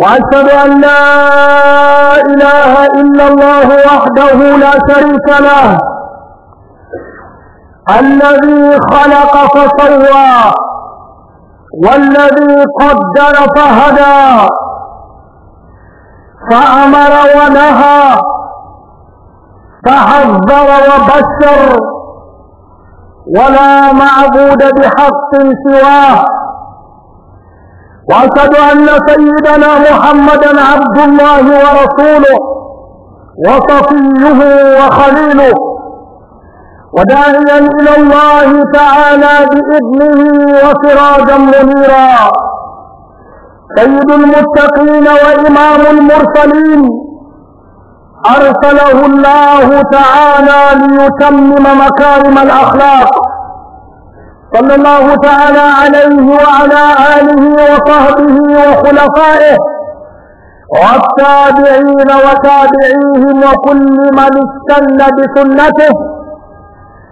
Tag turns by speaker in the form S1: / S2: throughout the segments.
S1: وأشهد أن لا إله إلا الله وحده لا شريك له الذي خلق فسوى والذي قدر فهدى فأمر ونهى فحذر وبشر ولا معبود بحق سواه واشهد ان سيدنا محمدا عبد الله ورسوله وصفيه وخليله وداعيا الى الله تعالى باذنه وسراجا منيرا سيد المتقين وامام المرسلين ارسله الله تعالى ليتمم مكارم الاخلاق صلى الله تعالى عليه وعلى آله وصحبه وخلفائه والتابعين وتابعيهم وكل من استن بسنته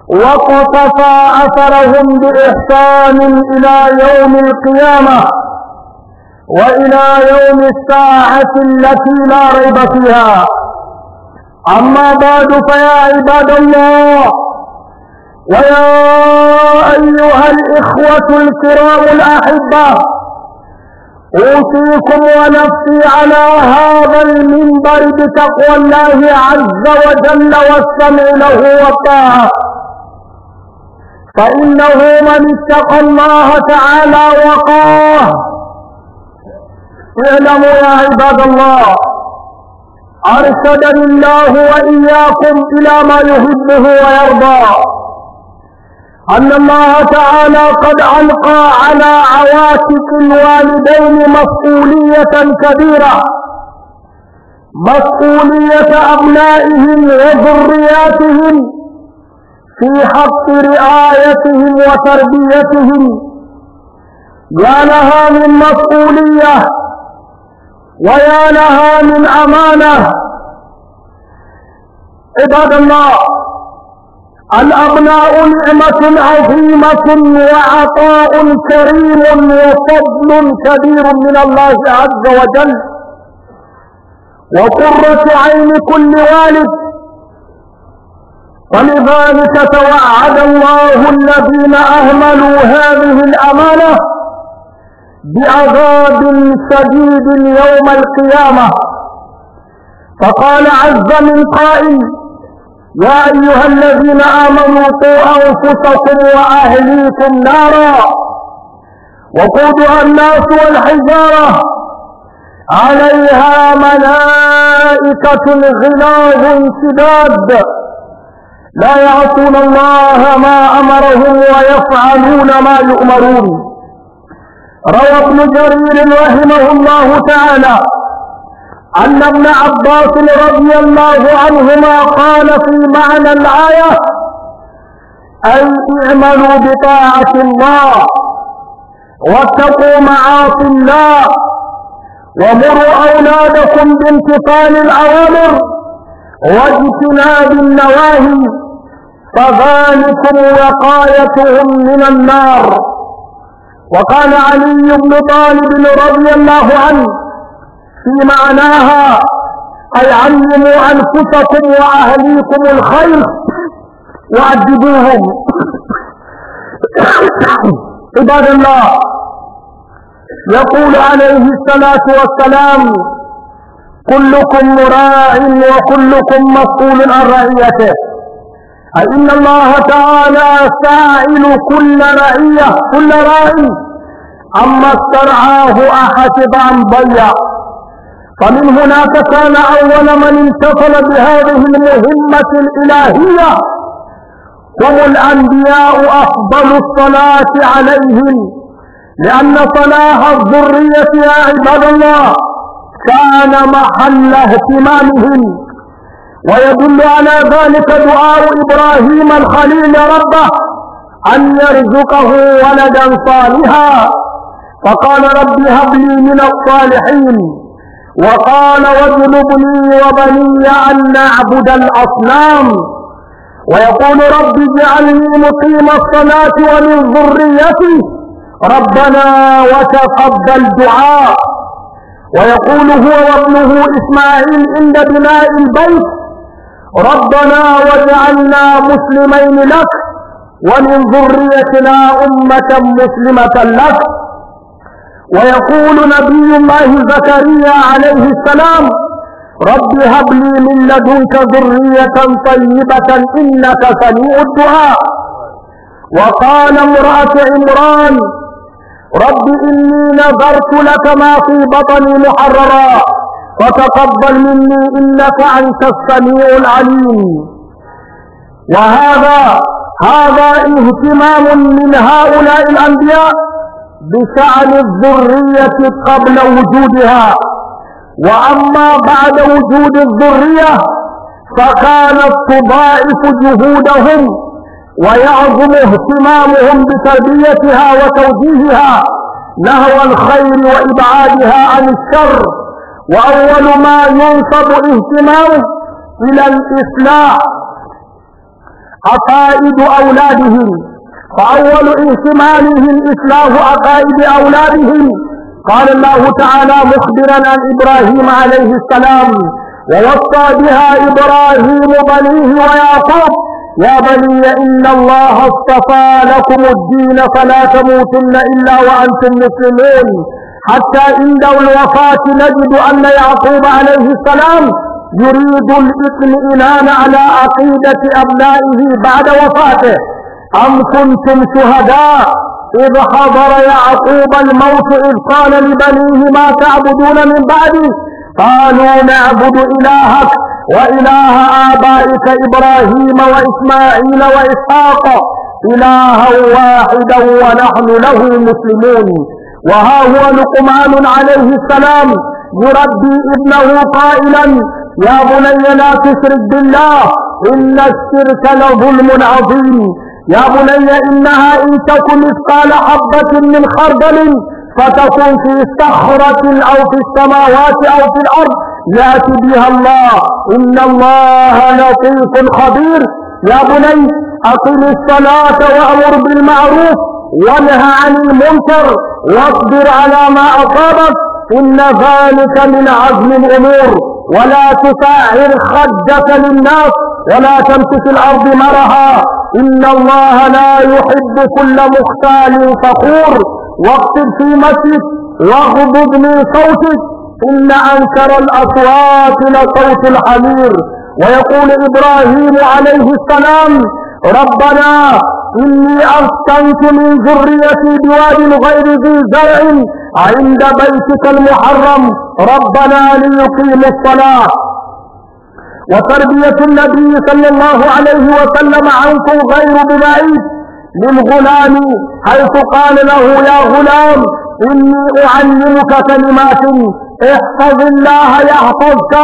S1: وقطفى أثرهم بإحسان إلى يوم القيامة وإلى يوم الساعة التي لا ريب فيها أما بعد فيا عباد الله ويا أيها الإخوة الكرام الأحبة أوصيكم ونفسي على هذا المنبر بتقوى الله عز وجل والسمع له والطاعة فإنه من اتقى الله تعالى وقاه اعلموا يا عباد الله أرشدني الله وإياكم إلى ما يحبه ويرضاه أن الله تعالى قد ألقى على عواتق الوالدين مسؤولية كبيرة مسؤولية أبنائهم وذرياتهم في حق رعايتهم وتربيتهم يا لها من مسؤولية ويا لها من أمانة عباد الله الأبناء نعمة عظيمة وعطاء كريم وفضل كبير من الله عز وجل وقرة عين كل والد ولذلك توعد الله الذين أهملوا هذه الأمانة بعذاب شديد يوم القيامة فقال عز من قائل يا أيها الذين آمنوا قوا أنفسكم وأهليكم نارا وقودها الناس والحجارة عليها ملائكة غلاظ شداد لا يعصون الله ما أمرهم ويفعلون ما يؤمرون روى ابن جرير رحمه الله تعالى أن ابن عباس رضي الله عنهما قال في معنى الآية أي اعملوا بطاعة الله واتقوا معاصي الله ومروا أولادكم بامتثال الأوامر واجتناب النواهي فذلكم وقايتهم من النار وقال علي بن طالب رضي الله عنه في معناها أي علموا أنفسكم وأهليكم الخير وعذبوهم عباد الله يقول عليه الصلاة والسلام كلكم مراع وكلكم مسؤول عن رعيته أي إن الله تعالى سائل كل رعية كل راعي اما استرعاه أحسب ام ضيع فمن هناك كان أول من اتصل بهذه المهمة الإلهية هم الأنبياء أفضل الصلاة عليهم لأن صلاح الذرية يا عباد الله كان محل اهتمامهم ويدل على ذلك دعاء إبراهيم الخليل ربه أن يرزقه ولدا صالحا فقال رب هب لي من الصالحين وقال واجنبني وبني أن نعبد الأصنام ويقول رب اجعلني مقيم الصلاة ومن ذريتي ربنا وتقبل دعاء ويقول هو وابنه إسماعيل عند بناء البيت ربنا واجعلنا مسلمين لك ومن ذريتنا أمة مسلمة لك ويقول نبي الله زكريا عليه السلام رب هب لي من لدنك ذرية طيبة إنك سميع الدعاء وقال امرأة عمران رب إني نذرت لك ما في بطني محررا فتقبل مني إنك أنت السميع العليم وهذا هذا اهتمام من هؤلاء الأنبياء بشأن الذرية قبل وجودها وأما بعد وجود الذرية فكانت تضاعف جهودهم ويعظم اهتمامهم بتربيتها وتوجيهها نهو الخير وإبعادها عن الشر وأول ما ينصب اهتمامه إلى الإصلاح عقائد أولادهم فأول اهتمامهم إسلام عقائد أولادهم قال الله تعالى مخبرا عن إبراهيم عليه السلام ووصى بها إبراهيم بنيه ويعقوب يا بني إن الله اصطفى لكم الدين فلا تموتن إلا وأنتم مسلمون حتى عند الوفاة نجد أن يعقوب عليه السلام يريد الاطمئنان على عقيدة أبنائه بعد وفاته أم كنتم شهداء إذ حضر يعقوب الموت إذ قال لبنيه ما تعبدون من بعدي قالوا نعبد إلهك وإله آبائك إبراهيم وإسماعيل وإسحاق إلها واحدا ونحن له مسلمون وها هو لقمان عليه السلام يربي ابنه قائلا يا بني لا تشرك بالله إن الشرك لظلم عظيم يا بني إنها إن تكن مثقال حبة من خردل فتكن في صخرة أو في السماوات أو في الأرض يأتي بها الله إن الله لطيف خبير يا بني أقم الصلاة وأمر بالمعروف وانهى عن المنكر واصبر على ما أصابك إن ذلك من عزم الأمور ولا تسعر خدك للناس ولا تمشي في الارض مرها ان الله لا يحب كل مختال فخور واقصد في مسجد واغضب من صوتك ان انكر الاصوات لصوت الحمير ويقول ابراهيم عليه السلام ربنا اني اسكنت من ذريتي بواد غير ذي زرع عند بيتك المحرم ربنا ليقيموا الصلاه وتربية النبي صلى الله عليه وسلم عنكم غير ببعيد للغلام حيث قال له يا غلام إني أعلمك كلمات احفظ الله يحفظك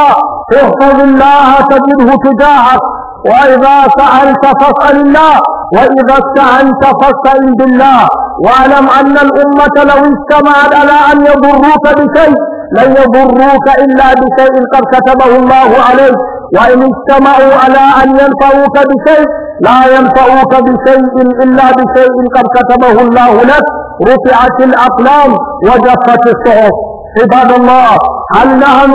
S1: احفظ الله تجده تجاهك وإذا سألت فاسأل الله وإذا استعنت فاستعن بالله واعلم أن الأمة لو اجتمعت على أن يضروك بشيء لن يضروك إلا بشيء قد كتبه الله عليك وإن اجتمعوا على أن ينفعوك بشيء لا ينفعوك بشيء إلا بشيء قد كتبه الله لك رفعت الأقلام وجفت الصحف عباد الله هل نحن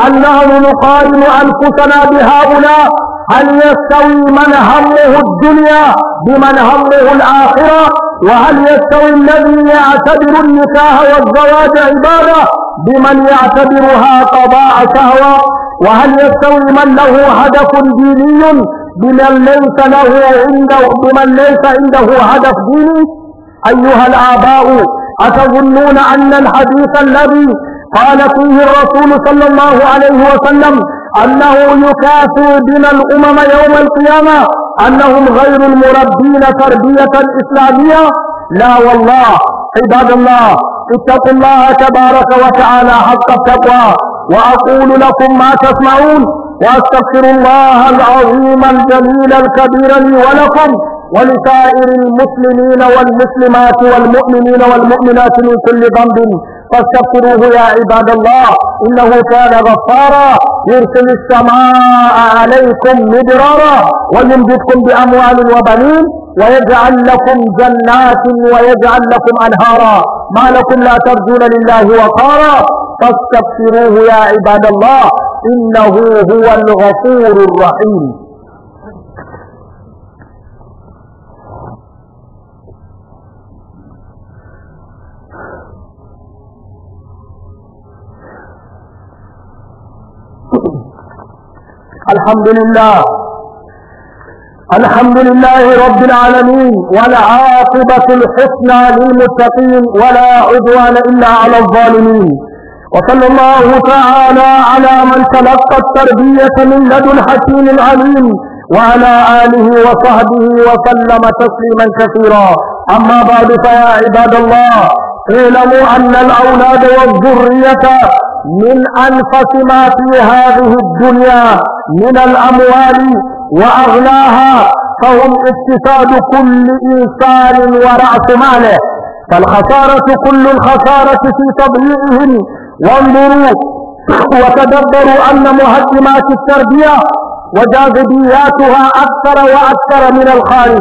S1: هل نحن نقارن أنفسنا بهؤلاء هل يستوي من همه الدنيا بمن همه الآخرة وهل يستوي الذي يعتبر النكاح والزواج عبادة بمن يعتبرها قضاء شهوة وهل يستوي من له هدف ديني بمن ليس له عنده بمن ليس عنده هدف ديني أيها الآباء أتظنون أن الحديث الذي قال فيه الرسول صلى الله عليه وسلم أنه يكافي بنا الأمم يوم القيامة أنهم غير المربين تربية إسلامية لا والله عباد الله اتقوا الله تبارك وتعالى حق التقوى وأقول لكم ما تسمعون وأستغفر الله العظيم الجليل الكبير لي ولكم ولسائر المسلمين والمسلمات والمؤمنين والمؤمنات من كل ذنب فاستغفروه يا عباد الله إنه كان غفارا يرسل السماء عليكم مدرارا ويمددكم بأموال وبنين ويجعل لكم جنات ويجعل لكم أنهارا ما لكم لا ترجون لله وقارا فاستغفروه يا عباد الله إنه هو الغفور الرحيم الحمد لله الحمد لله رب العالمين والعاقبة الحسنى للمتقين ولا عدوان إلا على الظالمين وصلى الله تعالى على من تلقى التربية من لدن حكيم عليم وعلى آله وصحبه وسلم تسليما كثيرا أما بعد فيا عباد الله اعلموا أن الأولاد والذرية من أنفس ما في هذه الدنيا من الأموال وأغلاها فهم اقتصاد كل إنسان ورأس ماله فالخسارة كل الخسارة في تضييعهم وانظروا وتدبروا أن مهدمات التربية وجاذبياتها أكثر وأكثر من الخارج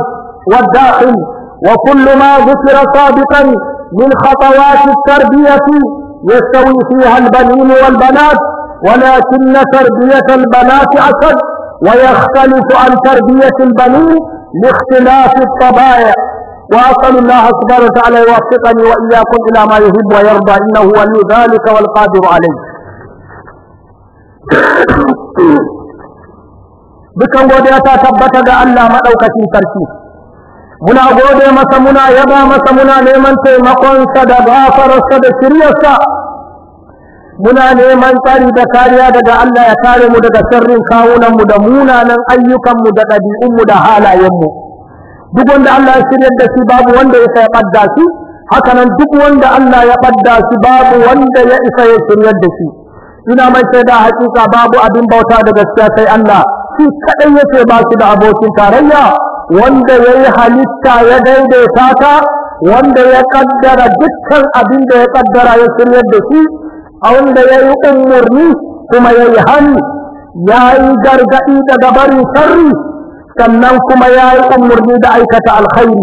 S1: والداخل وكل ما ذكر سابقا من خطوات التربية يستوي فيها البنين والبنات ولكن تربية البنات أشد ويختلف عن تربية البنين لاختلاف الطبائع وأسأل الله سبحانه وتعالى يوفقني وإياكم إلى ما يحب ويرضى إنه ولي ذلك والقادر عليه dukan godiya ta tabbata ga Allah maɗaukacin sarki muna gode masa muna yaba masa muna neman taimakonsa da gafararsa da shiryarsa muna neman tsari da kariya daga Allah ya kare mu daga sharrin kawunan mu da munanan ayyukan mu da ɗabi'un mu da halayen mu duk wanda Allah ya shirya da shi babu wanda ya sai badda shi haka nan duk wanda Allah ya ɓadda shi babu wanda ya isa ya shirya da shi ina mai sai da hakika babu abin bauta da gaskiya sai Allah shi kadai yake ba shi da abokin tarayya wanda yayi halitta ya daidaita ta wanda ya kaddara dukkan abin da ya kaddara ya shirya da shi a wanda ya yi umarni kuma ya yi hannu ya yi gargaɗi daga barin sarri sannan kuma ya yi umarni da aikata alkhairi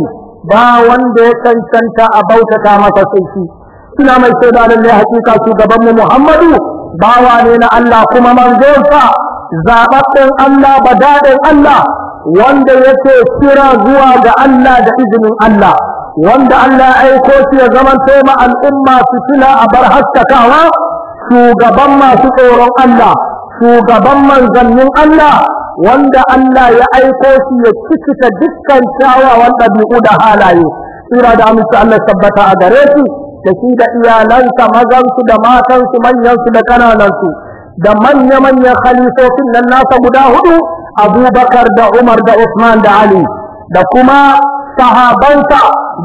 S1: ba wanda ya cancanta a bautata masa sai ina mai shaida lallai hakika shugabanmu muhammadu bawa ne na allah kuma manzonsa zaɓaɓɓen allah daɗin allah wanda yake kira zuwa ga allah da izinin allah wanda Allah ya aiko shi ya zamanto ma al'umma su sila a bar haskakawa shugaban masu tsoron Allah shugaban manzannin Allah wanda Allah ya aiko shi ya cikita dukkan kyawawan ɗabi'u da halaye tsira da amince Allah tabbata a gare su da shi da iyalansa mazansu da matansu manyansu da kananansu da manya-manyan khalifofin nan nasa guda hudu abubakar da umar da usman da ali da kuma صحابنك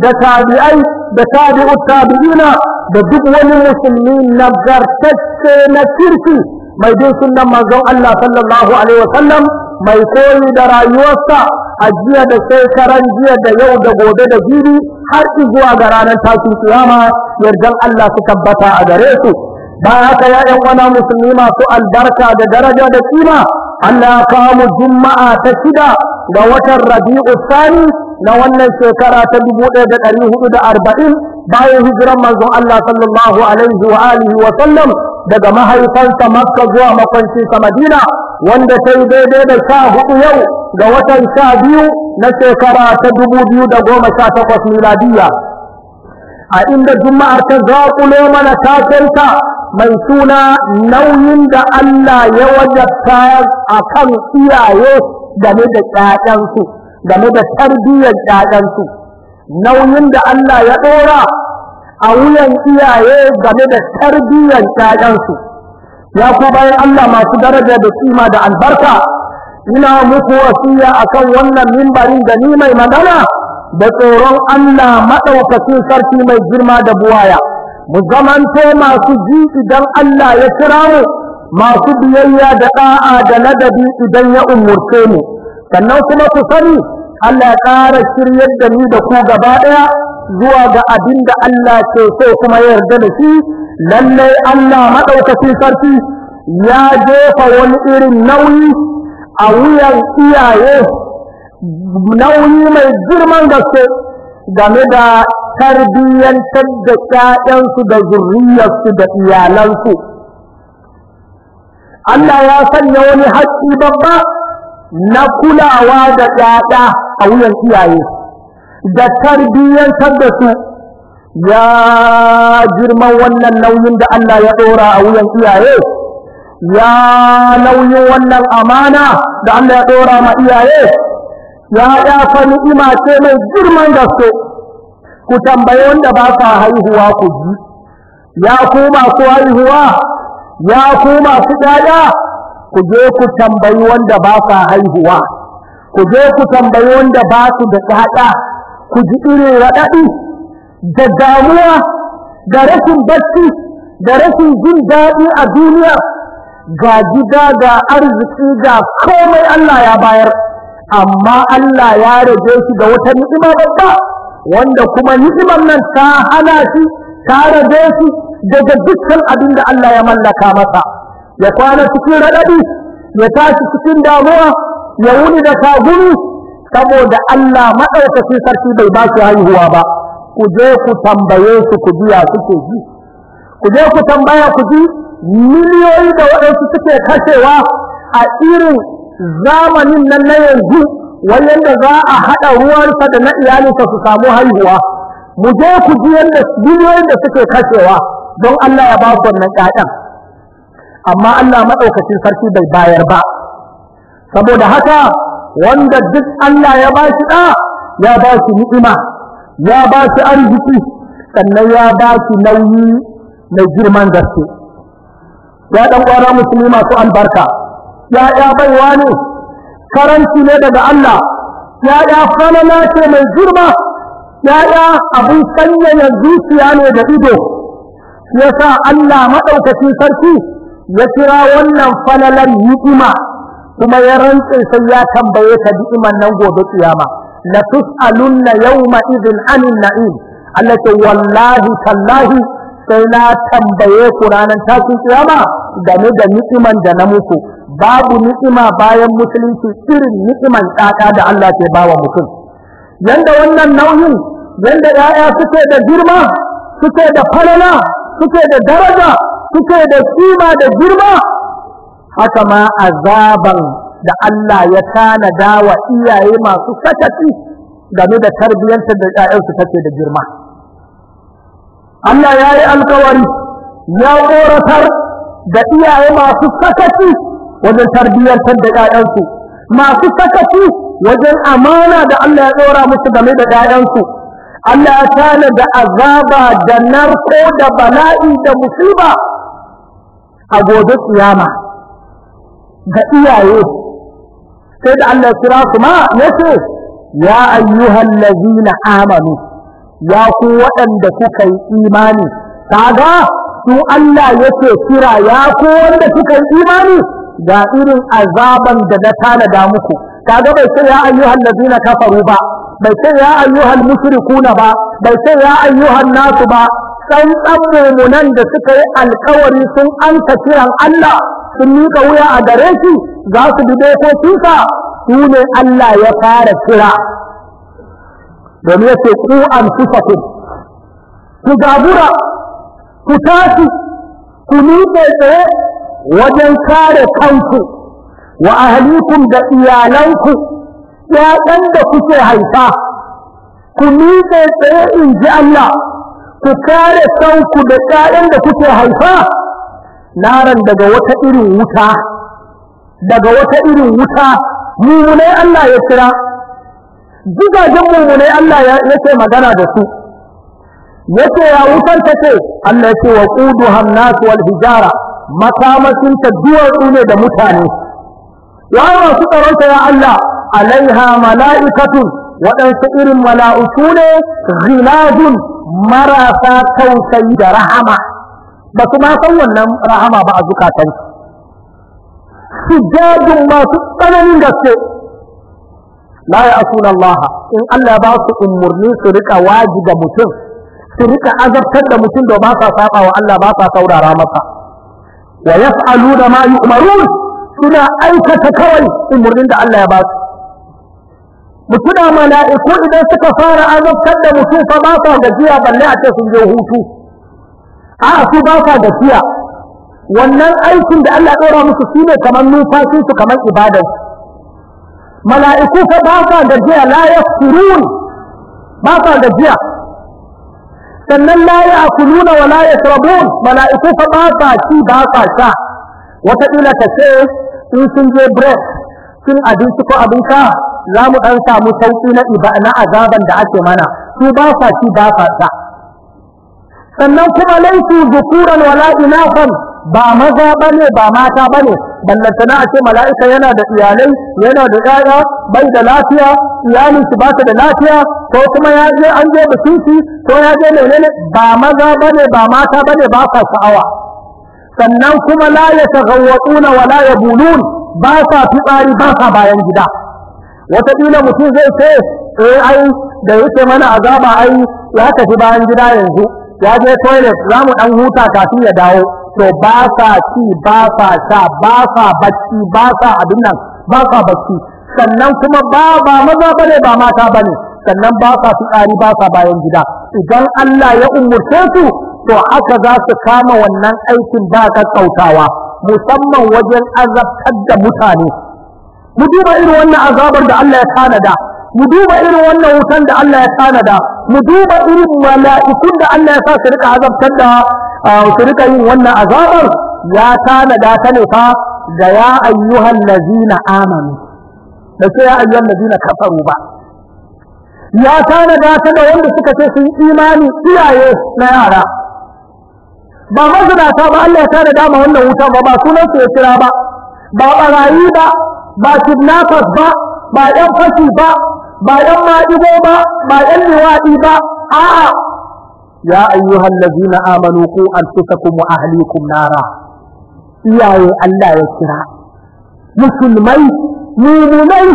S1: ده تابعي ده تابع التابعين ده دقوة المسلمين نبغر تتنا كيرتي ما يدين سنة ما الله صلى الله عليه وسلم ما يقول ده رأيوسا أجيه ده سيكرا أجيه ده يو ده غوده ده جيري حرق جوا غرانا تاكي قياما يرجع الله تكبتا أدريسه bayan haka ya yan wana musulmi masu albarka da daraja da kima Allah ya kawo juma'a ta shida ga watan Rabi'u Sani na wannan shekara ta da arba'in, bayan hijiran manzon Allah sallallahu alaihi wa alihi wa sallam daga mahaifansa Makka zuwa makwancinsa Madina wanda ta yi daidai da sha hudu yau ga watan sha biyu na shekara ta da goma sha takwas miladiya a inda juma'ar ta zaƙulo mana ta mai suna nauyin da Allah ya wajabta a kan iyaye game da ƴaƴansu game da tarbiyyar ƴaƴansu nauyin da Allah ya ɗora a wuyan iyaye game da tarbiyyar ƴaƴansu ya ku bayan Allah masu daraja da kima da albarka ina muku wasiya kan wannan mimbarin da ni mai magana da tsoron Allah maɗaukacin sarki mai girma da buwaya mu zamanto masu ji idan Allah ya kira mu masu biyayya da ɗa'a da ladabi idan ya umurce mu sannan kuma ku sani Allah ya ƙara shiryar da ni da ku gaba ɗaya zuwa ga abinda Allah ke so kuma ya yarda da shi lallai Allah maɗaukacin sarki ya jefa wani irin nauyi a wuyan iyaye nauyi mai girman gaske game da tarbiyyantar da ƴaƴansu da zurriyarsu da iyalansu Allah ya sanya wani haƙƙi babba na kulawa da ƴaƴa a wuyan iyaye da tarbiyyantar da su ya girman wannan nauyin da Allah ya ɗora a wuyan iyaye ya nauyin wannan amana da Allah ya ɗora ma iyaye ya fa ni'ima ce mai girman gaske ku tambayi wanda ba sa haihuwa ku ji ya ku masu haihuwa ya ku masu ɗaya ku je ku tambayi wanda ba sa haihuwa ku je ku tambayi wanda ba su da ɗaya ku ji irin raɗaɗi da damuwa da rashin bacci da rashin jin daɗi a duniya ga gida ga arziki ga komai Allah ya bayar amma Allah ya rage shi ga wata ni'ima babba wanda kuma ni'imar nan ta hana shi ta rage shi daga dukkan abin da Allah ya mallaka masa ya kwana cikin raɗaɗi ya tashi cikin damuwa ya wuni da tagumi saboda Allah madaukakin sarki bai ba shi haihuwa ba ku je ku tambaye su ku biya suke ji ku je ku tambaya ku ji miliyoyi da waɗansu suke kashewa a irin zamanin nan na yanzu wayan da za a haɗa ruwansa da na iyalinsa su samu haihuwa mu je ku ji yadda da suke kashewa don Allah ya ba su wannan ƴaƴan amma Allah maɗaukacin sarki bai bayar ba saboda haka wanda duk Allah ya ba shi ɗa ya ba shi ni'ima ya ba shi arziki sannan ya ba shi nauyi mai girman gaske ya ɗan ƙwara musulmi masu albarka ya'ya baiwa ne karanci ne daga Allah ya'ya falala ce mai girma ya'ya abin sanyaya zuciya ne da ido Ya sa Allah maɗaukacin sarki ya kira wannan falalar ni'ima kuma ya rantse sai ya tambaye ta ni'iman nan gobe kiyama la tus'alunna yau idhin anin na'im Allah ce wallahi tallahi sai na tambaye ku ranar tashin kiyama game da ni'iman da na muku babu ni'ima bayan musulunci irin ni'iman ɗaɗa da Allah ke bawa mutum yanda wannan nauyin yanda 'ya'ya suke da girma suke da falala suke da daraja suke da sima da girma haka ma azaban da Allah ya tanada wa iyaye masu sakaci game da tarbiyyantar da 'ya'yansu take da girma Allah ya yi alkawari ya ƙoratar da iyaye masu sakaci wajen tarbiyyantar da ƴaƴansu masu sakaci wajen amana da Allah ya ɗora musu game da ƴaƴansu Allah ya tana da azaba da narko da bala'i da musiba a gobe tsiyama ga iyaye sai da Allah ya kira su ma yace ya ayyuhal ladzina amanu ya ku waɗanda kuka yi imani kaga su Allah yake kira ya ku wanda kuka yi imani ga irin azaban da na tanada muku kaga bai ce ya ayyuhal ladina kafaru ba bai ce ya ayyuhal mushrikuna ba bai ce ya ayyuhan nasu ba san mummunan da suka yi alkawari sun an kiran Allah sun miƙa wuya a gare shi za su bi dokokinsa su ne Allah ya fara kira domin ya ce ku an ku ku gabura, ku tashi ku miƙe tsaye wajen kare kanku wa ahlikum da iyalanku ƴaƴan da kuke haifa ku miƙe tsaye in ji Allah ku kare kanku da ƴaƴan da kuke haifa naran daga wata irin wuta daga wata irin wuta mummunai Allah ya kira gidajen mummunai Allah yake magana da su yake ya wutar take Allah ya ce wa quduhan nas wal hijara makamacinta duwatsu ne da mutane ya masu tsaronta ya Allah alaiha mala'ikatun waɗansu irin mala'uku ne ghilazun marasa tausayi da rahama ba su ma san wannan rahama ba a su. sujadun masu tsananin gaske la ya asuna Allah in Allah ba su umurni su rika waji da mutum su rika azabtar da mutum da ba sa saba wa Allah ba sa saurara masa wa yaf'aluna ma yu'marun suna aikata kawai umurnin da Allah ya ba su mutuna mala'iku idan suka fara azabtar da mutum fa ba sa gajiya balle a ce sun je hutu a su ba sa gajiya wannan aikin da Allah ya ɗora musu shi ne kamar numfashin su kamar ibadar mala'iku fa ba sa gajiya la yafkurun ba sa gajiya sannan la ya'kuluna wa la yashrabun mala'iku fa ba sa ci ba sa sha wata kila ta ce in sun je break sun abinci ko abin sha za mu dan samu sauki na iba na azaban da ake mana su ba sa ci ba sa sha sannan kuma laifu zukuran wala fan ba maza bane ba mata bane ballantana a ce mala'ika yana da iyalai yana da ƴaƴa bai da lafiya iyalin su ba da lafiya ko kuma ya je an je bikiki ko ya je menene ba maza bane ba mata bane ba sa sha'awa sannan kuma la yataghawwatuna wa la yabulun ba sa fitsari ba sa bayan gida wataƙila mutum zai ce eh ai da yake mana azaba ai ya tafi bayan gida yanzu ya je toilet za mu ɗan huta kafin ya dawo to ba sa ci ba sa sha ba sa bacci ba sa abin nan ba sa bacci sannan kuma ba ba maza ba mata ne, sannan ba sa fitsari ba sa bayan gida idan Allah ya umurce su to haka za su kama wannan aikin ba ka kautawa musamman wajen azabtar da mutane mu duba irin wannan azabar da Allah ya tanada mu duba irin wannan wutan da Allah ya tanada mu duba irin mala'ikun da Allah ya sa su rika azabtar da su rika yin wannan azabar ya tanada ta ne fa ga ya ayyuhan lazina amanu da sai ya ayyuhan lazina kafaru ba ya tanada ta da wanda suka ce sun imani iyaye na yara ba mazinata ba Allah ya tanada ma wannan wutan ba ba sunan su ya kira ba ba barayi ba ba kidnappers ba ba ‘yan fashi ba ba ɗan maɗigo ba ba ɗan liwaɗi ba a'a ya ayyuhal ladzina amanu ku anfusakum wa ahlikum nara iyaye Allah ya kira musulmai mu'minai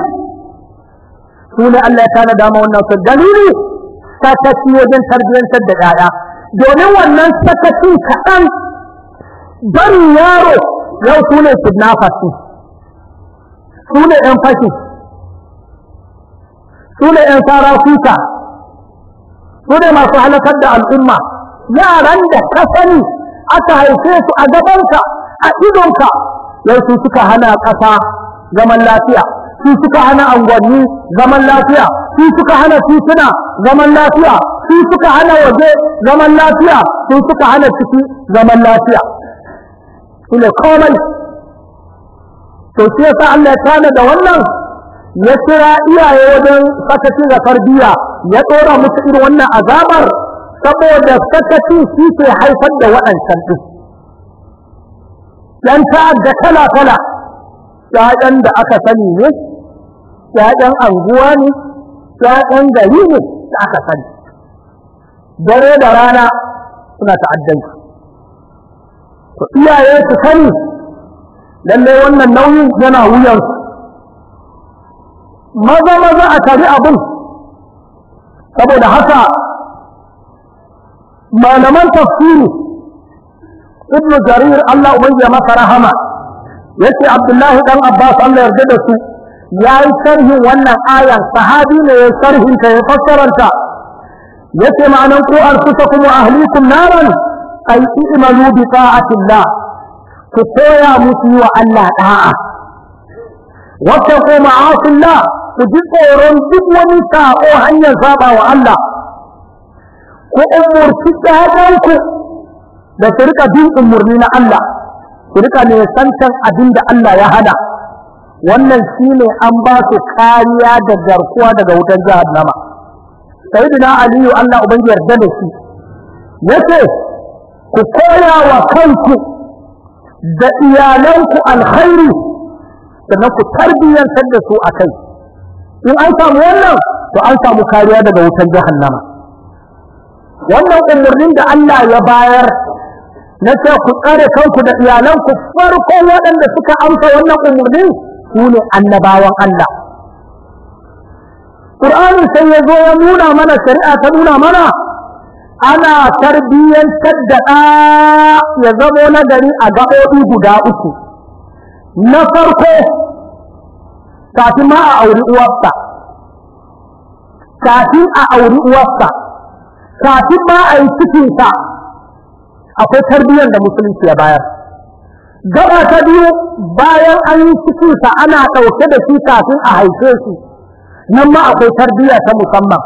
S1: su ne Allah ya tana dama wannan su dalili sakaci wajen tarbiyyantar da ɗaya domin wannan sakacin kaɗan don yaro yau su ne kidnappers su ne 'yan fashi su ne ‘yan sara kuka su ne masu halakar da al'umma yaran da ka sani aka haife su a gabanka a idonka yau su suka hana ƙasa zaman lafiya su suka hana angwanni zaman lafiya su suka hana tituna zaman lafiya su suka hana waje zaman lafiya su suka hana ciki zaman lafiya su ne komai to shi yasa Allah ya tana da wannan ya kira iyaye wajen sakaci da tarbiyya ya ɗora musu irin wannan azabar saboda sakaci shi ke haifar da waɗancan ɗin ɗan ta'adda kala kala ƴaƴan da aka sani ne ƴaƴan anguwa ne ƴaƴan gari ne da aka sani dare da rana suna ta'addanci to iyaye su sani lallai wannan nauyin yana wuyansu maza maza a tari abin saboda haka malaman tafsiri ibn jarir Allah ubangiji ya masa rahama yace Abdullahi dan Abbas Allah yarda da su yayi sharhin wannan ayan sahabi ne ya sharhin ta ya fassaranta yace ma'anan ku anfusakum wa ahlikum naran ay i'malu bi ta'atillah ku koya musu wa Allah da'a wata ko ma'asillah ku ji tsoron duk wani sa'o hanyar saba wa Allah ku umurci ɗayanku da su rika bin umurni na Allah ku rika ne santan abin da Allah ya hada wannan ne an ba su kariya da garkuwa daga wutar jahannama na aliyu Allah ubangi yarda da shi yace ku koya wa kanku da iyalanku alkhairi sannan ku tarbiyyantar da su a kai in an samu wannan to an samu kariya daga wutar jahannama wannan umarnin da Allah ya bayar na ce ku tsare kanku da iyalanku farko waɗanda suka amsa wannan umarnin su ne annabawan Allah Qur'ani sai ya zo ya nuna mana shari'a ta nuna mana ana tarbiyyantar da ɗa ya zamo gari a gaɓoɓi guda uku na farko kafin ma a auri uwarsa kafin a auri uwarsa kafin ma a yi cikinsa akwai tarbiyyar da musulunci ya bayar gaba ta biyu bayan an yi cikinsa ana ɗauke da shi kafin a haife shi nan ma akwai tarbiyya ta musamman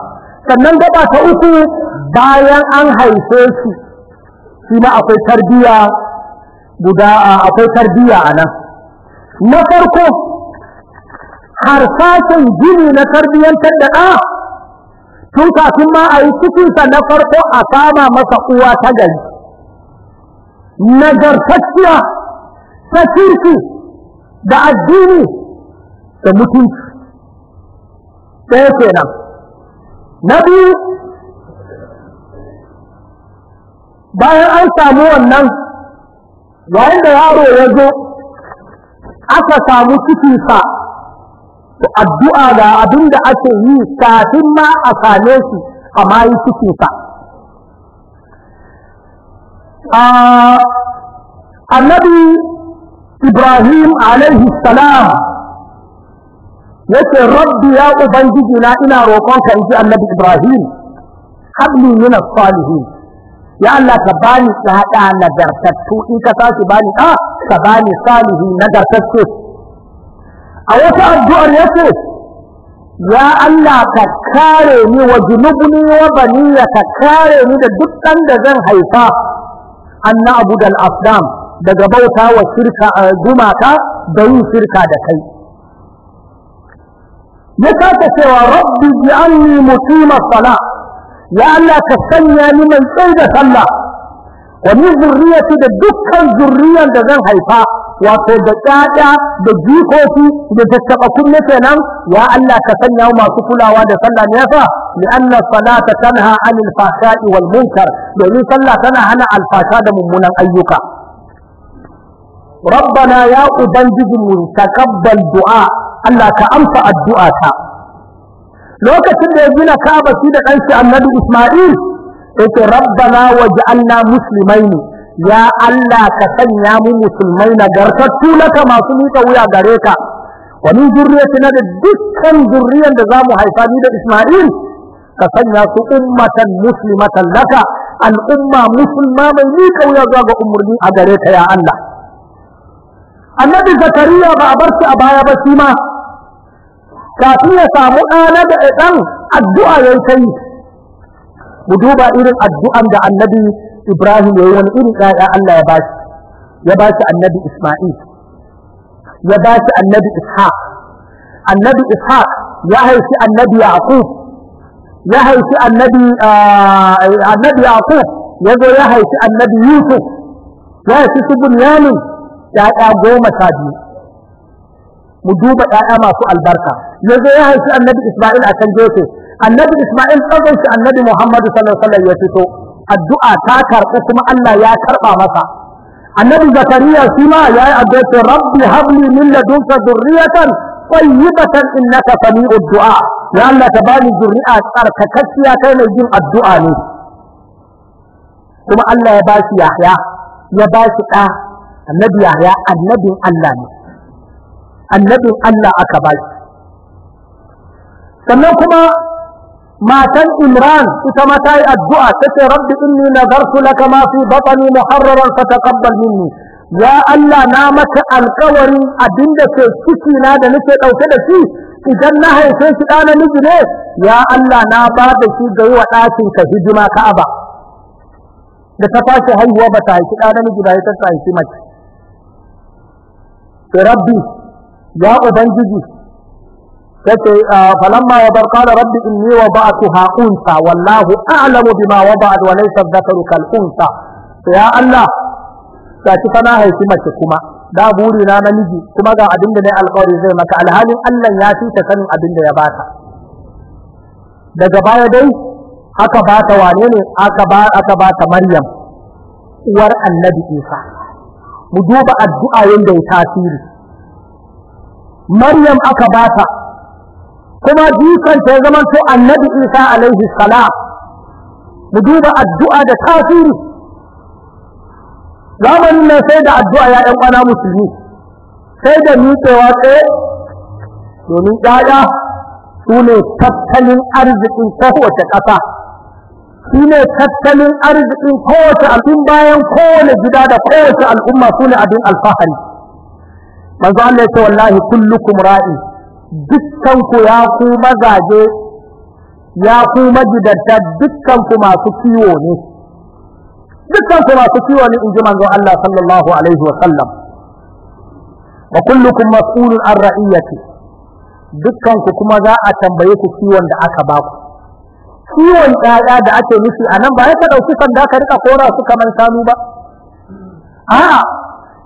S1: sannan gaba ta uku bayan an haife shi shi ma akwai tarbiyya guda akwai tarbiyya a nan na farko harsashen gini na tarbiyyantar da ɗa tun kafin ma a yi cikinsa na farko a kama masa uwa ta gari nagartacciya ta kirki da addini da mutunci ɗaya kenan na biyu bayan an samu wannan yayin da yaro ya zo aka samu cikinsa to addu'a ga abin da ake yi kafin ma a same shi a mayi cikinsa annabi ibrahim alaihi salam yake rabbi ya ubangiji na ina roƙonka in ji annabi ibrahim habli min salihin ya Allah ka bani ɗaɗa nagartattu in ka sashi bani ɗa ka bani salihi nagartattu a wata addu'ar yace ya Allah ka kare ni wa junubni wa baniya ka kare ni da duk ɗan da zan haifa an na'budu al-asnam daga bauta wa shirka gumaka da yin shirka da kai ya sake cewa rabbi ji'alni muqima salah ya Allah ka sanya ni mai tsaye da sallah wa min zurriyati da dukkan zurriyan da zan haifa wato da tsada da jikoki da tattaba kunne kenan ya Allah ka sanya masu kulawa da sallah ne yasa li anna salata tanha anil fahsha'i wal munkar domin sallah tana hana alfasha da mummunan ayyuka rabbana ya mu takabbal du'a Allah ka amsa addu'a ta lokacin da ya gina Ka'aba shi da ɗansa Annabi Isma'il yake rabbana waj'alna muslimaini ya Allah ka sanya mu musulmai nagartattu laka masu miƙa wuya gare ka wa min zurriyatina da dukkan zurriyan da zamu haifa ni da Isma'il ka sanya su ummatan muslimatan laka umma musulma mai miƙa wuya zuwa ga umarni a gare ka ya Allah annabi zakariya ba a bar a baya ba shi ma kafin ya samu ɗana da ɗan addu'a yayin kai mu duba irin addu'an da annabi Ibrahim ya yi wani irin ɗaya Allah ya bashi ya bashi annabi Isma'il ya bashi annabi Ishaq annabi Ishaq ya haifi annabi Yaqub ya haifi annabi ah, annabi Yaqub ya zo ya haifi annabi Yusuf ya haifi su Bunyamin ɗaya goma sha biyu mu duba ɗaya masu albarka ya zo ya haifi annabi Isma'il a kan gefe annabi Isma'il tsazon shi annabi Muhammadu sallallahu alaihi ya fito addu'a ta karɓi kuma Allah ya karɓa masa annabi Zakariya shi ma ya yi addu'a rabbi habli min ladunka dhurriyatan tayyibatan innaka sami'ud du'a ya Allah ta bani zuri'a tsarkakakkiya kai mai jin addu'a ne kuma Allah ya bashi Yahya ya bashi ɗa annabi Yahya annabin Allah ne annabin Allah aka bashi sannan kuma matan imran ita ma ta yi addu'a ta ce rabbi inni nazartu laka ma fi batni muharraran taqabbal minni ya Allah na maka alkawarin abinda ke ciki na da nake dauke da shi idan na haife shi da namiji ne ya Allah na ba da shi ga yi wa ɗakin ka hijima da ta fashe haihuwa ba ta haifi da miji ba ta haifi mace rabbi ya ubangiji tace ah, falamma ya bar qala rabbi inni wada'tuha unsa wallahu a'lamu bima wada'at wa laysa dhakaru kal unsa ya Allah ta ci fana haifi mace kuma da buri na namiji kuma ga abinda ne alƙawari zai maka alhalin Allah ya fi ta sanin abinda ya bata daga baya dai aka bata wane ne aka ba aka bata Maryam uwar Annabi Isa mu duba addu'a yanda ya tasiri Maryam aka bata kuma jikan ta zama to annabi isa alaihi salam mu duba addu'a da tasiri zamanin nan sai da addu'a ya ɗan musulmi sai da miƙewa tsaye domin ɗaya su ne tattalin arzikin kowace ƙasa su ne tattalin arzikin kowace al'umma bayan kowane gida da kowace al'umma su ne abin alfahari manzo Allah ya ce wallahi kullukum ra'i dukkan ku ya ku mazaje ya ku majidatta dukkan ku masu kiwo ne dukkan ku masu kiwo ne inji manzo Allah sallallahu alaihi wa sallam wa kullukum mas'ulun an ra'iyati dukkan ku kuma za a tambaye ku kiwon da aka ba ku kiwon ƴaƴa da ake nufi a nan ba ya ka ɗauki sanda ka rika kora su kamar shanu ba a'a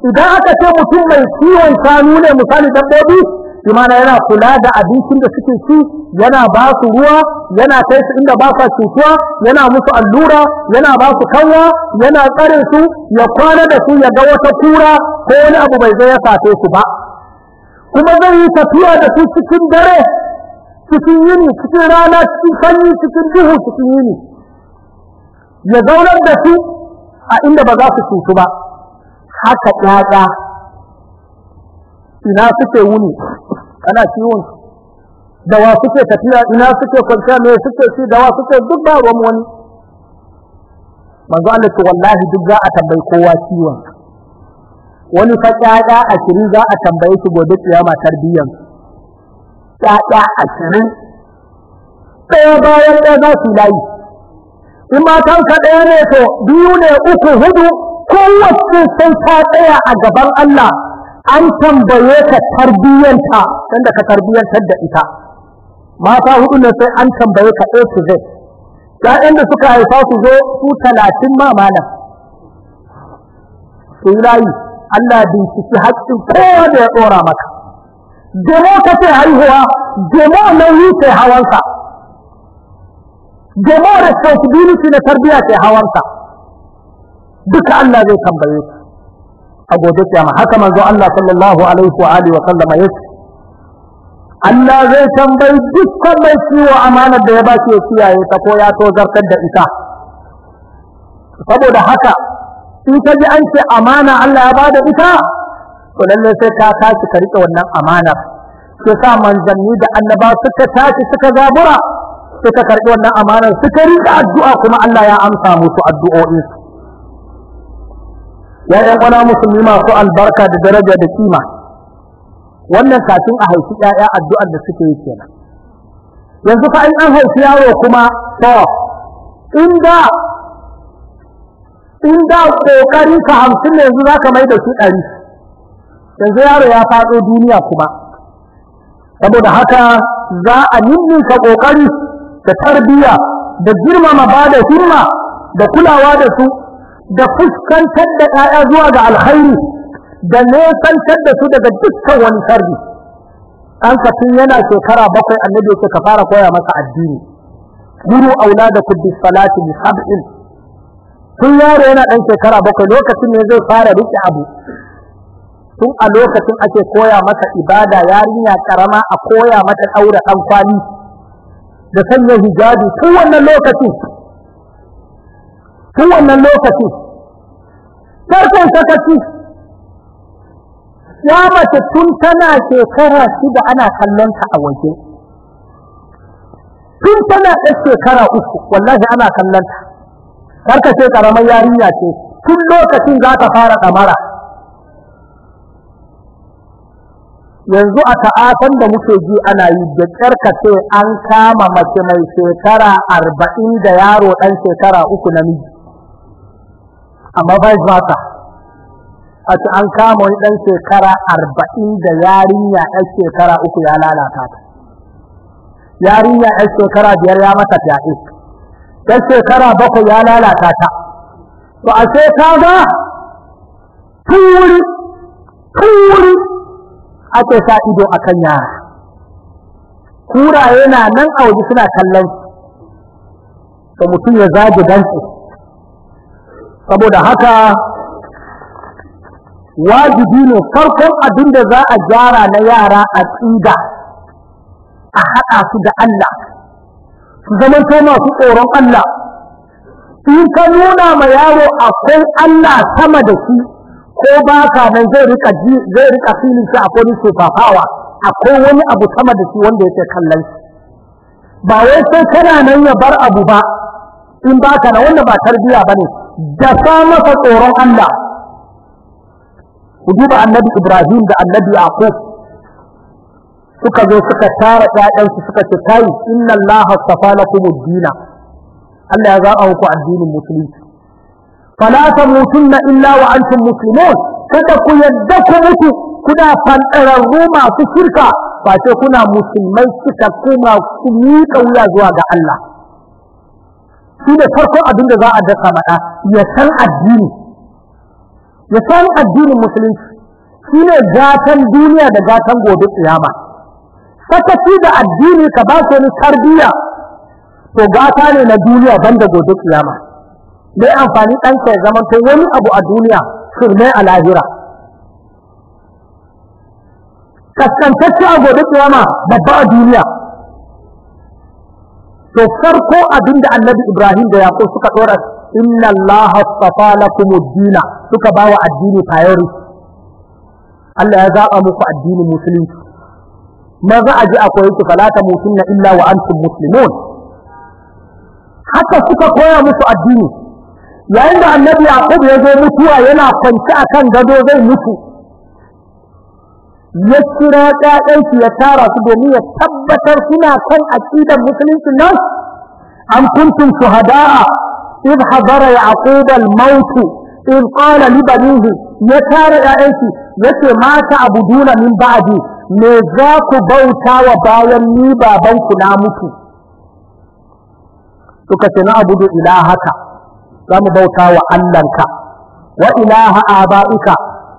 S1: idan aka ce mutum mai kiwon shanu ne misali dabbobi shi yana kula da abincin da suke ci yana ba su ruwa yana kai su inda ba sa cutuwa yana musu allura yana ba su kanwa yana tsare su ya kwana da su ya ga wata kura ko wani abu bai zai ya su ba kuma zai yi tafiya da su cikin dare cikin yini cikin rana cikin sanyi cikin duhu cikin yini ya zaunar da su a inda ba za su cutu ba haka ɗaɗa ina suke wuni kana ciwon da wa suke tafiya ina suke kwanta me suke ci da wa suke duk ba ruwan wani manzo Allah to wallahi duk za a tambayi kowa ciwon wani fa tsada a za a tambaye shi gobe kiyama tarbiyyan tsada a ɗaya bayan ɗaya za su layi in matan ka ɗaya ne to biyu ne uku hudu kowace sai ta tsaya a gaban Allah an tambaye ka tarbiyyanta sanda da ka tarbiyyantar da ita mata hudu ne sai an tambaye ka A to Z ƴaƴan da suka haifa su zo su talatin ma malam yi layi Allah binciki haƙƙin kowa da ya ɗora maka demo ka ce haihuwa demo nauyi ce hawansa demo responsibility na tarbiyya ce hawansa duka Allah zai tambaye ka a gobe kiyama haka manzo Allah sallallahu alaihi wa alihi wa sallama yace Allah zai tambayi dukkan mai ciwo amanar da ya ba shi ya kiyaye ta ko ya tozartar da ita saboda haka in ka ji an ce amana Allah ya bada ita to lalle sai ka tashi ka rike wannan amana Ke sa manzanni da annaba suka tashi suka zabura suka karbi wannan amana suka rike addu'a kuma Allah ya amsa musu addu'o'insu. ya ɗan uwana musulmi masu albarka da daraja da kima wannan kafin a haifi ƴaƴa addu'ar da suke yi kenan yanzu fa in an haifi yaro kuma to inda inda kokarin ka hamsin ne yanzu zaka mai da shi ɗari yanzu yaro ya faɗo duniya kuma saboda haka za a ninninka kokari da tarbiyya da girmama ba da himma da kulawa da su da fuskantar da ƴaƴa zuwa ga alkhairi da nesantar da su daga dukkan wani sharri an ka yana shekara bakwai annabi yake ka fara koya masa addini guru da bis salati bi sab'in tun yaro yana ɗan shekara bakwai lokacin ne zai fara riƙe abu tun a lokacin ake koya masa ibada yarinya karama a koya mata daura dan kwali da sanya hijabi tun wannan lokacin tun wannan lokaci, sakaci ya mace tun tana shekara shida ana kallonta a waje tun tana ɗan shekara uku wallahi ana kallonta karka ce karamar yarinya ce tun lokacin za ta fara ɗamara yanzu a ta'atan da muke ji ana yi da ƙyarka ce an kama mace mai shekara arba'in da yaro ɗan shekara uku na miji. amma vice versa a ci an kama wani ɗan shekara arba'in da yarinya ɗan shekara uku ya lalata ta yarinya ɗan shekara biyar ya mata fyaɗe ɗan shekara bakwai ya lalata ta to a ce ta ba tun wuri tun wuri ake sa ido a kan yara kuraye na nan a waje suna kallon da mutum ya zage dantse saboda haka wajibi ne farkon abin da za a gyara na yara a tsida a haɗa su da Allah su zama to masu tsoron Allah in ka nuna ma yaro akwai Allah sama da shi ko ba ka nan zai rika zai rika fili shi a kodin sofafawa akwai wani abu sama da shi wanda yake kallon shi ba wai sai kana nan ya bar abu ba in ba ka na wanda ba tarbiya bane da masa tsoron Allah ku duba annabi Ibrahim da annabi Yaqub suka zo suka tara ɗaɗansu suka ce kai inna Allah astafa lakum ad-dina Allah ya zaɓa muku addinin musulunci fala tamutunna illa wa antum muslimun kada ku yadda ku mutu kuna fanɗararru masu shirka ba kuna musulmai suka kuma ku miƙa wuya zuwa ga Allah shi ne farko abin da za a dasa maɗa ya san addini ya san addinin musulunci shi ne gatan duniya da gatan gobe tsiyama sakaci da addini ka ba su wani tarbiyya to gata ne na duniya banda gobe tsiyama mai amfani ɗanka ya zama ta wani abu a duniya shirme a lahira kaskantacce a gobe tsiyama babba a duniya to farko abin da annabi ibrahim da yaƙo suka ɗora inna allah astafa lakum ad-dina suka bawa addini priority Allah ya zaɓa muku addinin musulunci maza a ji akwai ki falata mutunna illa wa antum muslimun haka suka koya musu addini yayin da annabi yaqub ya zo mutuwa yana kwance akan gado zai mutu ya kira ƴaƴansu ya tara su domin ya tabbatar suna kan aqidar musulunci nan an kuntum shuhada'a idh hadara yaqub al in idh qala li banihi ya tara ƴaƴansu yace mata abuduna min ba'di me za ku bauta wa bayan ni babanku na mutu suka ce na abudu ilahaka za mu bauta wa Allahnka wa ilaha aba'ika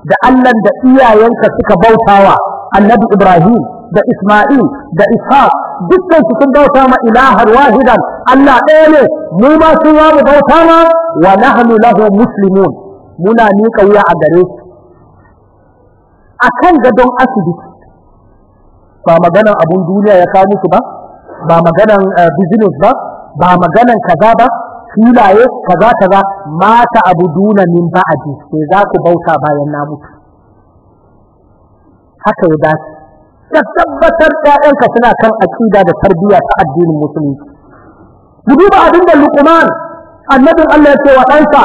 S1: da Allah da iyayenka suka bautawa annabi Ibrahim da Isma'il da Ishaq dukkan su sun bauta ma ilahar wahidan Allah ɗaya ne mu ma sun ya mu bauta ma wa nahnu lahu muslimun muna miƙa wuya a gare a akan gadon asibiti ba maganan abun duniya ya kawo musu ba ba maganan eh, business ba ba maganan kaza ba filaye kaza kaza mata abu duna min ba'adi sai za ku bauta bayan na mutu haka ya dace ka tabbatar ɗanka suna kan aqida da tarbiyya ta addinin musulunci ku duba abin da luqman annabin Allah ya ce wa ɗansa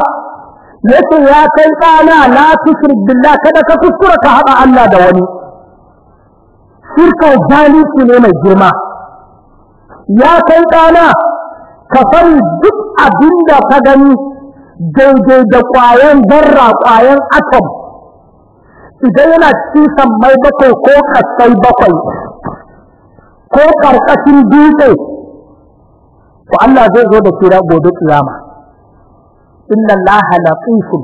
S1: yace ya kai ɗana la tushrik billah kada ka kuskura ka haɗa Allah da wani shirka zalunci ne mai girma ya kai ɗana ka duk abin da ka gani daidai da ƙwayan zarra ƙwayan atom idan yana cikin sammai bakwai ko kasai bakwai ko karkashin dutse to Allah zai zo da kira gobe kiyama inna laha latifun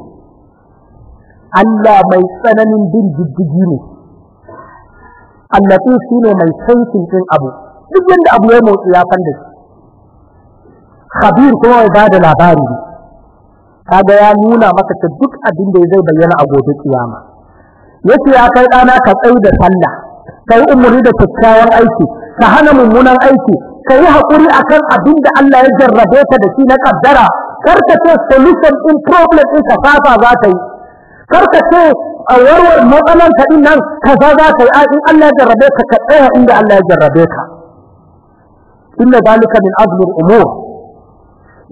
S1: Allah mai tsananin bin jiddigi ne Allah shi ne mai saitin din abu duk yadda abu ya motsi ya kan da shi khabir kuma mai ba da labari kaga ya nuna maka ta duk abin da zai bayyana a gobe kiyama yace ya kai dana ka tsai da sallah kai umuri da kyakkyawan aiki ka hana mummunan aiki kai hakuri akan abin da Allah ya jarrabe ka da shi na kaddara kar ka ce solution in problem din ka fafa za ta yi kar ka ce a warware matsalan ka din nan kaza za ka yi in Allah ya jarrabe ka ka tsaya inda Allah ya jarrabe ka inna zalika min azmir umur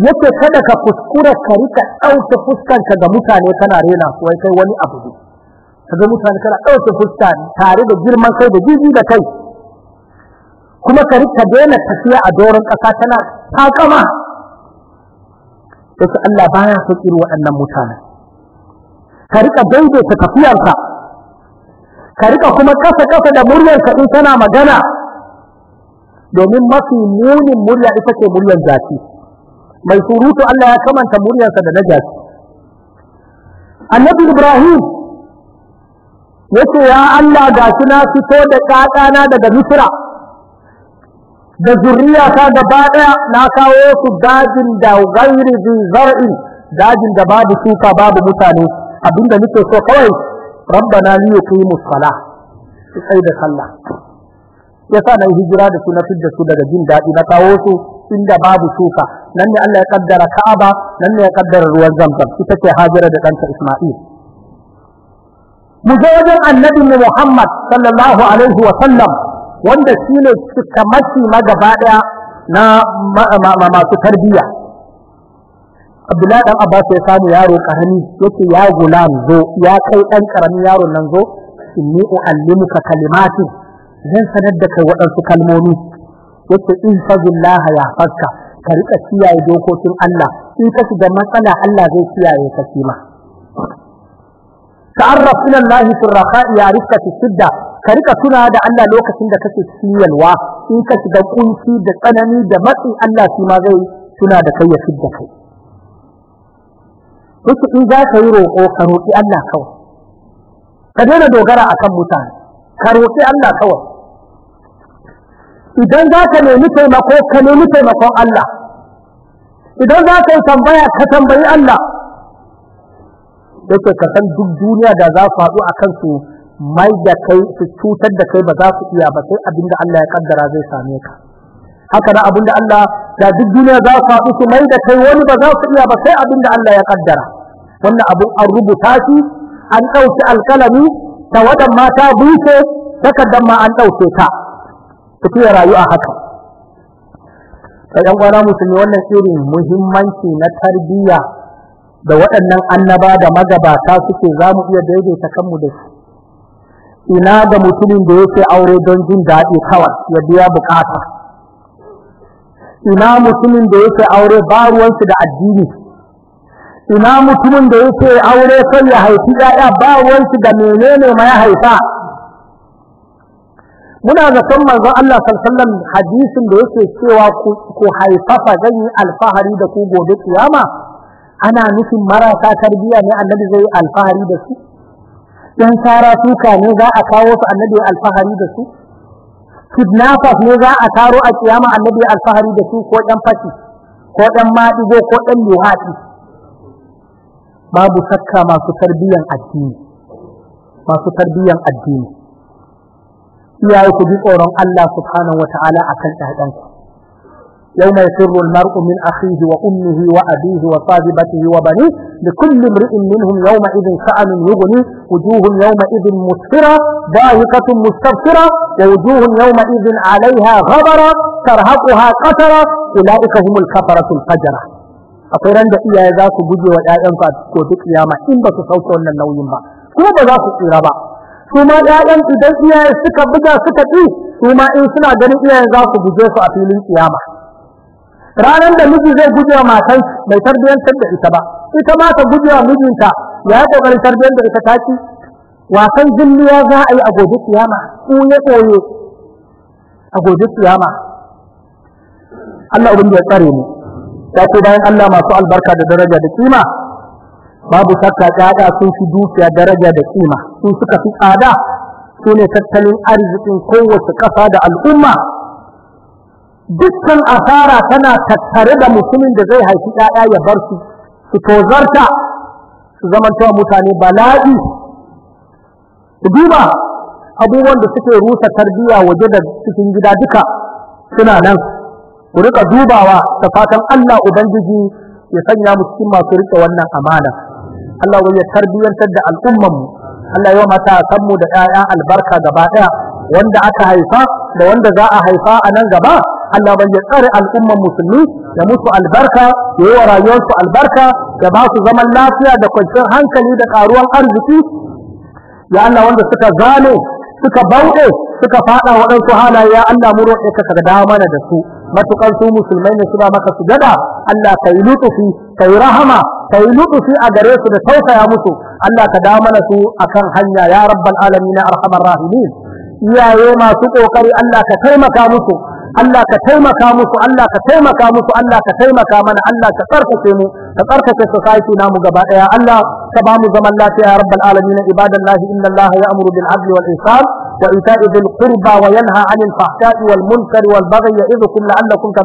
S1: yace kada ka kuskura ka rika ɗauke fuskanka ga mutane kana rena su wai kai wani abu ne kaga mutane kana ɗauke fuska tare da girman kai da jiji da kai kuma ka rika daina tafiya a doron ƙasa tana takama yake Allah baya so irin waɗannan mutane ka rika daidaita tafiyarka ka rika kuma kasa kasa da muryarka in tana magana domin mafi munin murya ita ce muryar jaki mai surutu Allah ya kamanta muryarsa da najasi annabi ibrahim yace ya Allah ga shi na fito da kakana daga misra da ta gaba daya na kawo su dajin da gairi zar'in dajin da babu shuka babu mutane abinda nake so kawai rabbana li yuqimu salah sai da sallah yasa na hijira da su na fidda su daga jin daɗi na kawo su inda babu shuka nan ne Allah ya kaddara Ka'aba nan ne ya kaddara ruwan Zamzam ita ce Hajara da ɗanta Isma'il mu je wajen annabi Muhammad sallallahu alaihi wa sallam wanda shine cikamaci magaba daya na masu tarbiyya Abdullahi dan Abbas ya samu yaro karami yace ya gulam zo ya kai dan ƙaramin yaron nan zo inni uallimuka kalimati zan sanar da kai waɗansu kalmomi yace in fadillah ya fakka ka rika kiyaye dokokin Allah in ka shiga matsala Allah zai kiyaye ka kima ta'arraf ila Allah fi raqa'i ya'rifka fi shidda ka rika tuna da Allah lokacin da kake ciyalwa in ka shiga kunci da tsanani da matsi Allah shi ma zai tuna da kai ya fidda kai Wasu in za ka yi roƙo ka roƙi Allah kawai ka daina dogara akan mutane ka roƙi Allah kawai idan za ka nemi taimako ka nemi taimakon Allah idan za ka yi tambaya ka tambayi Allah yake ka san duk duniya da za su haɗu a kansu mai da kai su cutar da kai ba za su iya ba sai abin da Allah ya kaddara zai same ka haka da abin da Allah da duk duniya za su haɗu su mai da kai wani ba za su iya ba sai abin da Allah ya kaddara wannan abu an rubuta shi an ɗauki alkalami tawadan ma ta bushe takardan ma an ɗauke ta tafiya ya rayu a haka ta yan kwana musulmi wannan irin muhimmanci na tarbiyya da waɗannan annaba da magabata suke za mu iya daidaita kanmu da shi ina ga mutumin da yake aure don jin daɗi kawai ya biya bukata ina mutumin da yake aure ba ruwansu da addini ina mutumin da yake aure son ya haifi 'ya'ya ba ruwansu da menene ma ya haifa muna da san manzon Allah sallallahu alaihi hadisin da yake cewa ku haifafa zan yi alfahari da ku gobe kiyama ana nufin marasa tarbiyya ne annabi zai yi alfahari da su yan sara tuka ne za a kawo su annabi alfahari da su kidnappers ne za a taro a kiyama annabi alfahari da su ko dan fati ko dan madigo ko dan luhati babu sakka masu tarbiyyan addini masu tarbiyyan addini iyaye ku ji tsoron Allah subhanahu wata'ala akan ɗaɗan ku يوم يفر المرء من أخيه وأمه وأبيه وصاحبته وبنيه لكل امرئ منهم يومئذ شأن يغني وجوه يومئذ مسفرة ضاحكة مستبصرة ووجوه يومئذ عليها غبرة ترهقها قترة أولئك هم الكفرة الفجرة akwai ran da iyaye za su guje wa ƴaƴansu a ko duk kiyama in ba su sauke wannan nauyin ba kuma ba za su tsira ba kuma ɗaɗan idan iyayen suka buga suka ɗi su ma in suna ganin iyayen za su guje su a filin kiyama ranar da miji zai guje wa matan mai tarbiyyantar da ita ba ita ma ta guje wa mijinta ya yi ƙoƙarin tarbiyyar da ita taki wasan zilliya za a yi a gobe kiyama ya koye a gobe kiyama Allah ubin ya tsare mu ya ce bayan Allah masu albarka da daraja da kima babu shakka tsada sun fi dukiya daraja da kima sun suka fi tsada su ne tattalin arzikin kowace ƙasa da al'umma dukkan asara tana tattare da mutumin da zai haifi ɗaya ya bar su su tozarta su zamantawa mutane bala'i su duba abubuwan da suke rusa tarbiyya waje da cikin gida duka suna nan ku riƙa dubawa da fatan Allah ubangiji ya sanya mu cikin masu riƙe wannan amana Allah ya tarbiyantar da al'umman mu Allah ya mata san mu da ƴaƴa albarka gaba ɗaya wanda aka haifa da wanda za a haifa a nan gaba Allah ban ya tsare al'umman musulmi ya musu albarka ya yi wa rayuwarsu albarka ya ba su zaman lafiya da kwanciyar hankali da karuwan arziki ya Allah wanda suka zalo suka bauɗe suka faɗa waɗansu halaye ya Allah mu roƙe ka ka mana da su matukar su musulmai ne su ba maka gada? Allah ka yi lutufi ka yi rahama ka yi lutufi a gare su da tausaya musu Allah ka da mana su akan hanya ya rabbal alamin arhamar rahimin iyaye masu ƙoƙari, Allah ka taimaka musu Allah ka taimaka musu Allah ka taimaka musu Allah ka taimaka mana Allah ka tsarkake mu تقرتك سقايتي نام يا الله تبام زمن لا يا رب العالمين عباد الله إن الله يأمر بالعدل والإنسان وإيتاء ذي القربى وينهى عن الفحشاء والمنكر والبغي يعظكم لعلكم تذكرون